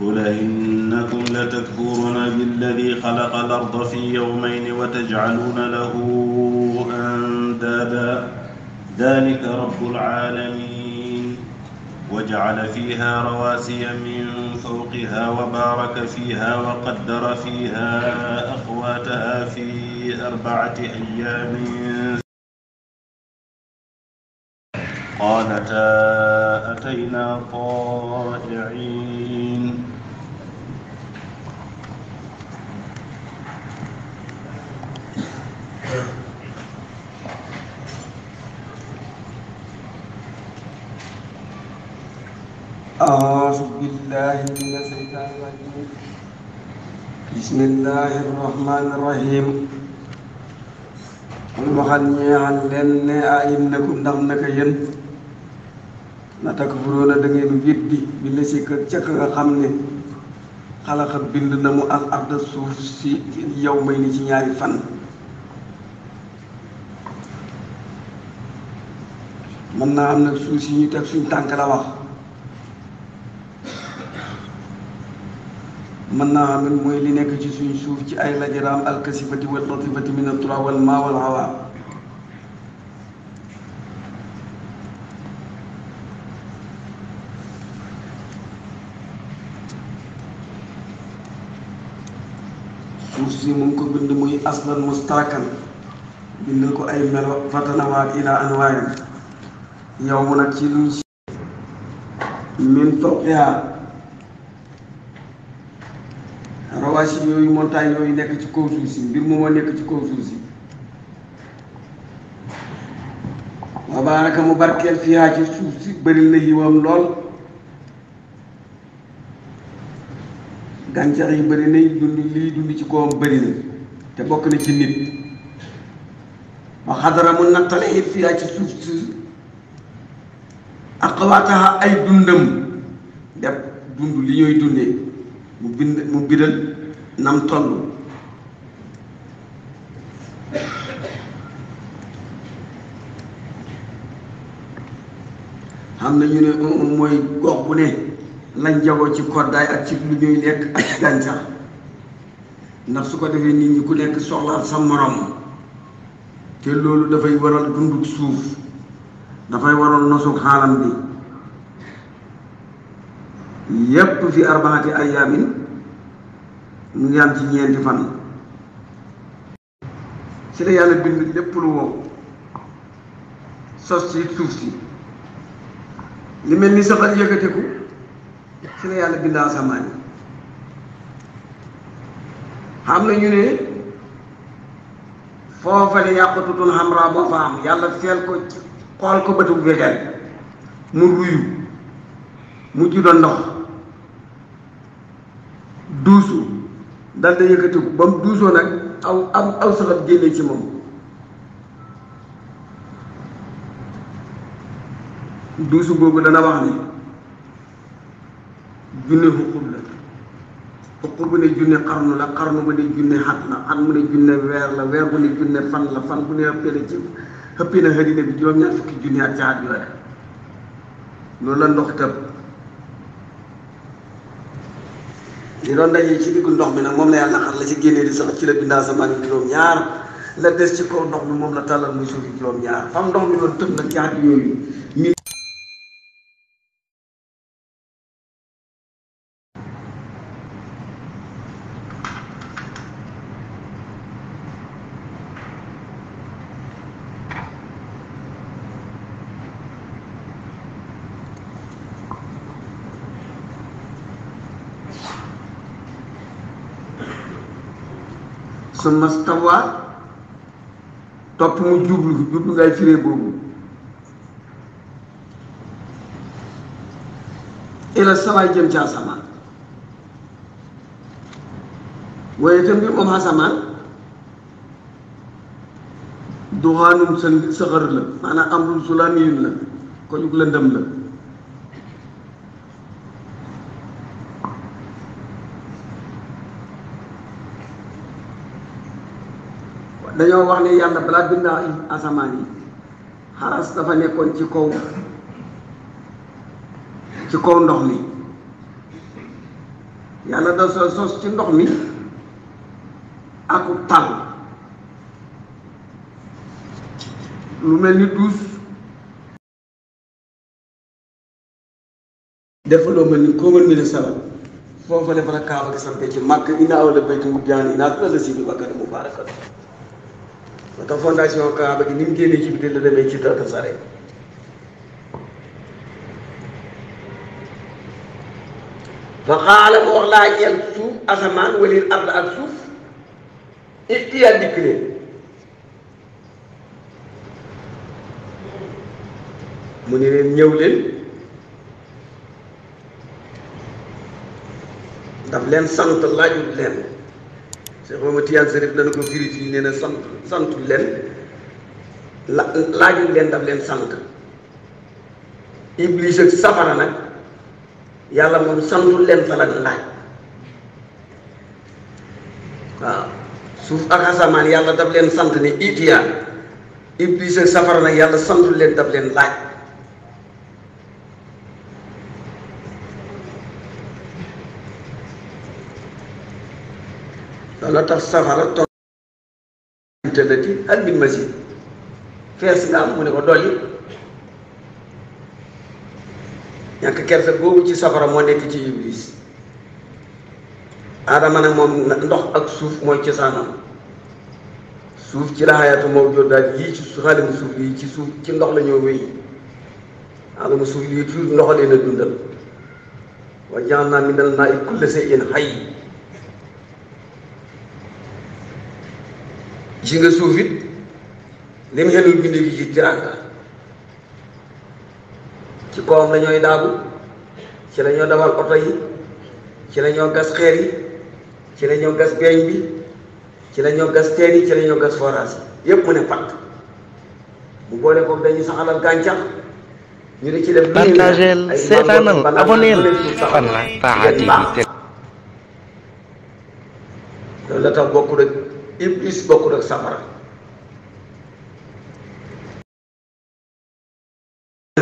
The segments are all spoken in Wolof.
قل إنكم لتكفرون بالذي خلق الأرض في يومين وتجعلون له أندادا ذلك رب العالمين وجعل فيها رواسي من فوقها وبارك فيها وقدر فيها أقواتها في أربعة أيام قالتا أتينا طائعين أعوذ بالله من الشيطان الرجيم بسم الله الرحمن الرحيم kon waxal ñeexal leen ne a ah, innakum ndax naka yéen na takfuruuna da bi la si kër ka nga xam ne xalaqa bind na mu al arda suuf si yow may ni ci ñaari fan mën naa am nag suuf si ñu teg suñ tànk la wax mën naa xamil mooy li nekk ci suñ suuf ci ay lajaraam alkasifati wal latifati min aturaab wal maa wal suuf si mu ko bind muy aslan mustaakan bind ko ay melo fatanawaat ila anwaari yow mu nag ci luñ min toqiyaa ravage yooyu montagne yooyu nekk ci kaw suuf si mbir moomoo nekk ci kaw suuf si wa baaraka mu barkeel fiihaa ci suuf si bëril na yiwam lool gàncax yi bëri nañ dund lii dund ci kawam bëri na te bokk na ci nit wa xadara mu nattale it fiihaa ci suuf si aqwaataha ay dundam def dund li ñooy dundee mu bind mu biral nam toll xam na ñu ne mooy gox bu ne lañ jagoo ci koddaay ak ci lu ñuy lekk ak gàncax ndax su ko defee nit ñi ku nekk soxlaal sa morom te loolu dafay waral dunduk suuf dafay waral nasu xaalam bi yépp fi arbaati ayaamin mu ngi am ci ñeenti fan ci la yàlla bind lépp lu wow sos ci suuf si li mel ni safar yëkkateku ci la yàlla bind asamaan yi xam na ñu ne foofa ne yàqututun xamraa moo fa am yàlla feel ko xool ko bëtu bu mu ruyu mu ju doon ndox duusu dal da yëkkatiku ba mu duusoo nag aw am aw saxat génne ci moom duusu boobu dana wax ni junne xuqub la xuqub bu ne junne xarnu la xarnu bu ne junne xat la xat mu ne junne weer la weer bu ne junne fan la fan bu ne xëppee na ci xëppee na xëdina bi juróom-ñaar fukki junne ak caat yooyu loolu la ndox tëb li doon daje ci diggu ndox mi nag moom la yàlla xar la ci génnee di sax ci la bindaa asamaan yi juróom-ñaar la des ci kaw ndox mi moom la tàllal muy suuf yi juróom-ñaar fam ndox mi doon tëb nag ci at yooyu summa stawaa topp mu jublu jublu ngay firee boobu ila sawaay jëm ci asamaan waaye itam mbir moom asamaan duxaanum sa saxar la maanaam amrun sulaamiyun la ko jug lëndëm la dañoo wax ne yàlla balaa bind asamaan yi xaras dafa nekkoon ci kaw ci kaw ndox mi yàlla da so sos ci ndox mi aku tal lu mel ni duus defaloo mel ni koo mën mi ne salat foofu la fa la kaaba gi sampee ci màkk inna awla baytin wuddi'a lin-naasi lalladhii bi Bakkata mubarakan ba tax fondation Kaaba gi ni mu génnee ci biir la demee ci Taata Sare fa xaala mu wax laa ñeel suuf asamaan walil ard ak suuf ixtiyaar dikk leen mu ne leen ñëw leen daf leen sant laajut leen Cheikh Mamadou Tidiane Chérif dana ko firi fii nee na sant sant leen la leen daf leen sant iblis ak safara nag yàlla moom santul leen fa la laaj waaw suuf ak asamaan yàlla daf leen sant ni itiya iblis ak safara nag yàlla santul leen daf leen laaj loola tax safara toogte la ti ak fees nga am mu ne ko dolli ñàkk kersa boobu ci safara moo nekk ci iblis aadama nag moom ndox ak suuf mooy cosaanam suuf ci la xayaatu mawjud daal yii ci xaalimu suuf yi ci suuf ci ndox la ñoo wéy xaalimu suuf yi toujours ndox leen a naa wa ja'alnaa minal maa'i kulla shay'in hayy gis nga suuf it xelul bind gi ci teraanga ci kawam la ñooy daagu ci la dawal oto yi ci lañoo ñoo gas xeer yi ci la ñoo gas beeñ bi ci la ñoo gas teen yi ci la ñoo gas forage yi yépp mu ne pat mu boole ko dañuy saxalal gàncax ñu di ci def partageel seetaanal aboneel Fann Paradis bi loolu la tax bokku rek iblis bokkul ak safara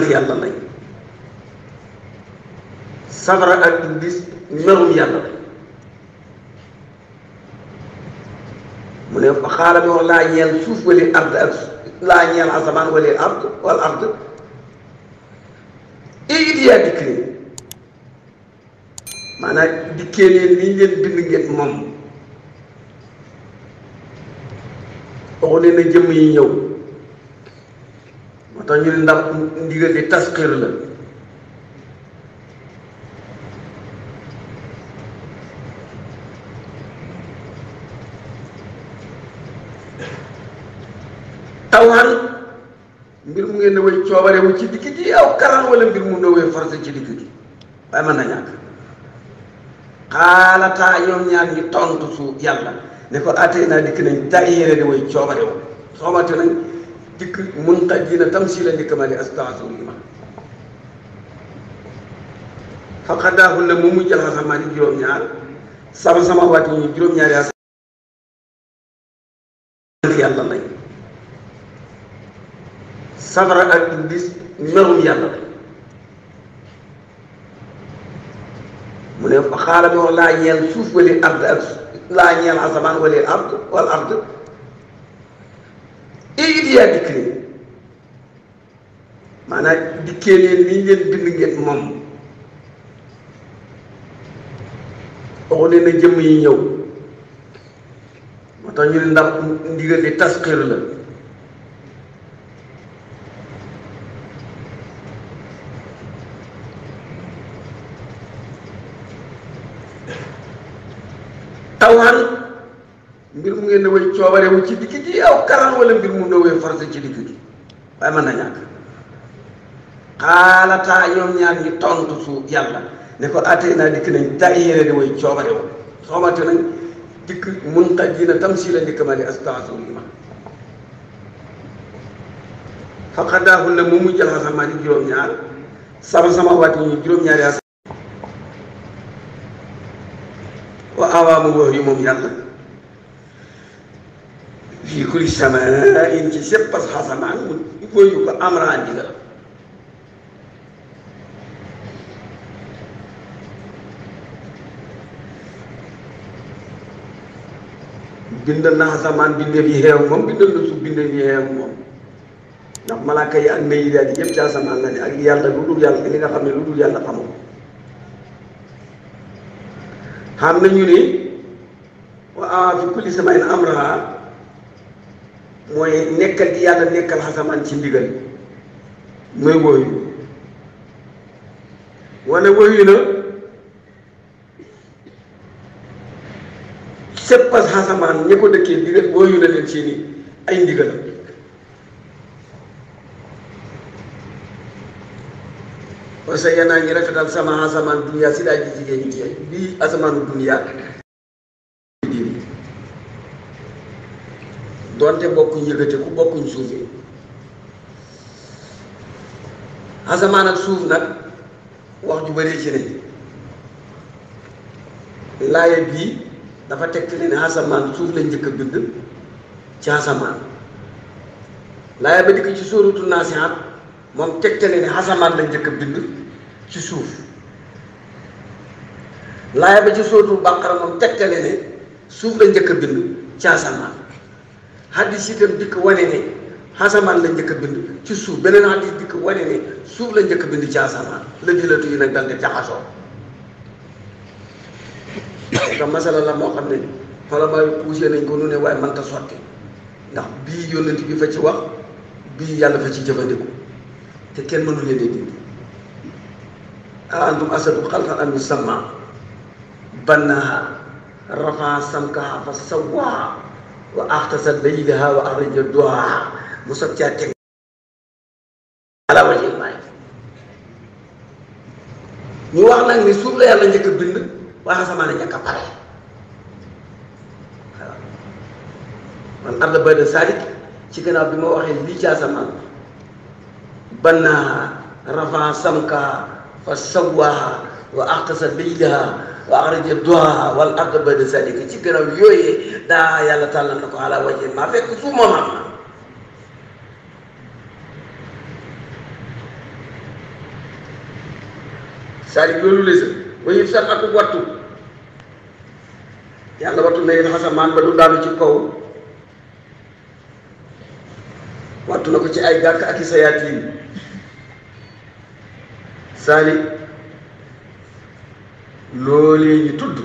yàlla lañ safara ak iblis merum yàlla lañ mu ne xaaral mi wax laa ñeel suuf wala ard ak laa ñeel asamaan wala ard wala ard it yaa dikkee maanaam dikkee leen ni ñu leen bind moom waxulee ne jëmm yi ñëw moo tax ñu ne ndax ndigal li tasxir la tawaan mbir mu ngeen ne way coobare wu ci digg ji aw karan wala mbir mu ne way forcé ci digg ji waaye mën na ñàkk xaalataa ñoom ñaar ñu tontu su yàlla ne ko atee naa dikk nañ tayére di way coobare wu soobate nañ dikk mun taj dina tam si la ma li astaasu li ma faqadaahu la mu mujjal xasamaani juróom-ñaar sama sama waat juróom-ñaari asamaan yàlla lañ safara ak yàlla mu ne fa xaala wax laa ñeel suuf wala ard ak laa ñeel asamaan wala ard wala ard it yaa dikk nii maanaam dikkee leen li ngeen bind ngeen moom waxu leen na jëmm yi ñëw moo tax ndax ndigal li tasxiir la tawan mbir mu ngeen nawee coobare wu ci digg gi aw karan wala mbir mu nawee forcé ci digg gi waaye mën na ñàkk xaalataa ñoom ñaar ñi tontu su yàlla ne ko attee naa dikk nañ daayira di way coobare wu soobate nañ dikk mun xaj yi na tam si la dikk ma li astaasum ma faqadaahu la mu mujjal xasamati juróom-ñaar sama sama waat ñu juróom-ñaari وأوام وهي من الله في كل سماء إن تسبس حصى معنون يقول يقول أمر عندك بندنا حسمان بندنا في هيوم بندنا نسو بندنا في هيوم نعم ملاك يان ميلاد يبتع سمان لدي أجل يالا لدو يالا إلينا خمي لدو يالا خمو xam nañu ni waaw fi kulli samayn amraha mooy nekkal di yàlla nekkal xasamaan ci ndigal mooy wóoyu wala wóoyu na sëppas xasamaan ñi ko ndigal wóoyu na leen seeni ay ndigal wasay yanaa ñi rafetal sama asamaan duniyaa si daa ji jigéen ñi bii asamaanu duniyaa diini donte bokkuñ yëkkate ku bokkuñ suufi asamaan ak suuf nag wax ju bëree ci ne laaya bii dafa teg ne ne asamaan suuf la njëkk a bind ci asamaan laaya ba dikk ci sóoratu naasihaat moom tegtale ne asamaan la njëkk bind ci suuf laaya ba ci sóotul bàqara moom tegtale ne suuf la njëkk a bind ci asamaan xaddis itam dikk wane ne asamaan la njëkk bind ci suuf beneen xaddis dikk wane ne suuf la njëkk a bind ci asamaan la dilatu yi nag dal di jaxasoo te masala la moo xam ne xolama yu poussé nañ ko nu ne waaye mënta sotti ndax bii yónnent bi fa ci wax bii yàlla fa ci jëfandiku te kenn mënu leen dindi أنتم أشد خلقا أم يسمى بناها رفع سمكها فسواها وأغتسل ليلها وأخرج ضحاها مسكتات على وجه الماء ñu wax nag ni suuf la yàlla njëkk bind waaye asamaan njëkk a pare man sadik ci rafa samkaa fa sawaaha wa aqasa laylaha wa axraja duhaaha wal arda ba'da zalika ci gannaaw yooyee daa yàlla tàllal na ko ala wajhi maa fekk suuf moom am na cest wattu yàlla wattu na yéen xasamaan ba du daanu ci kaw wattu na ko ci ay gàkk ak i sayaatiin saani loolee ñu tudd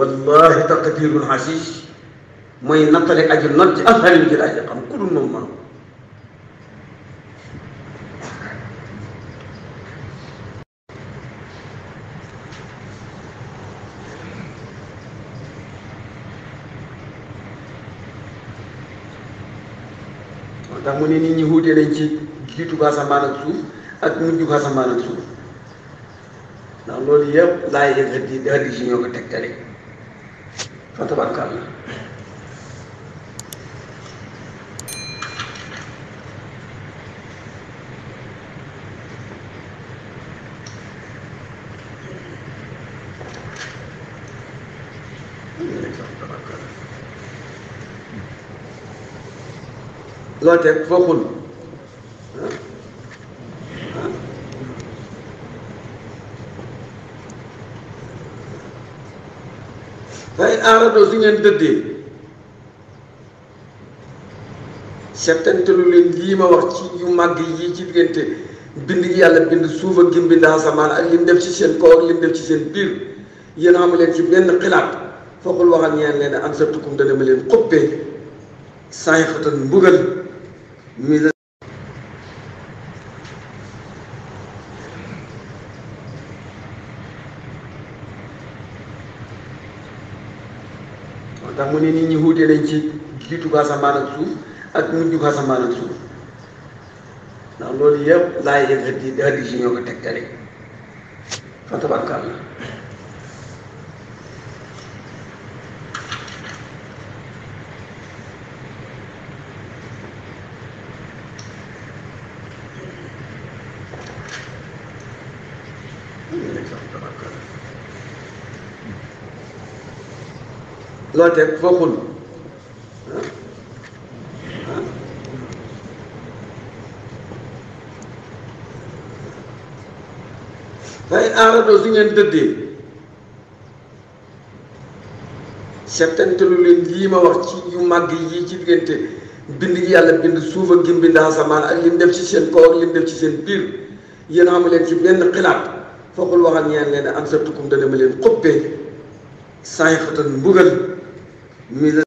wallahi taqdirul xasiis mooy nattale aji not ci ak ci laaj xam ku dul moom ma jiitu asamaan at ñu ko asamaan ak suuf ndax loolu yëpp laay yëkkat yi daal di si ñoo ko fatu fa tabarkàlla loo teg foo xul aaradoo fi ngeen dëddee setantalu leen lii ma wax ci yu màgg yi ci diggante bind yàlla bind suuf ak gim samaan a ak lim def ci seen kaw ak lim def ci seen biir yéen amu leen ci benn xilaat foogul waxal ñeen leen an sa tukkum dana ma leen xuppee saay xatan mbugal mi mu ne nit ñi wuute nañ ci jiitu ko asamaan ak suuf ak mujj ko asamaan ak suuf ndax loolu yëpp laay yëg xët yi daal di si fa tabarkàlla loo teg foo xul fay aarado su ngeen dëddee settantelu leen lii ma wax ci yu màgg yi ci diggante bind yàlla bind suuf ak gim bind asamaan ak lim def ci seen kaw li def ci seen biir yéen amu leen ci benn xilaat foogul waxal ñeen leen am sa tukkum dana ma leen xuppee saay xatan mbugal Mira.